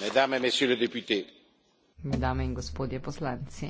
mesdames et messieurs les députés mesdames et messieurs les poslanci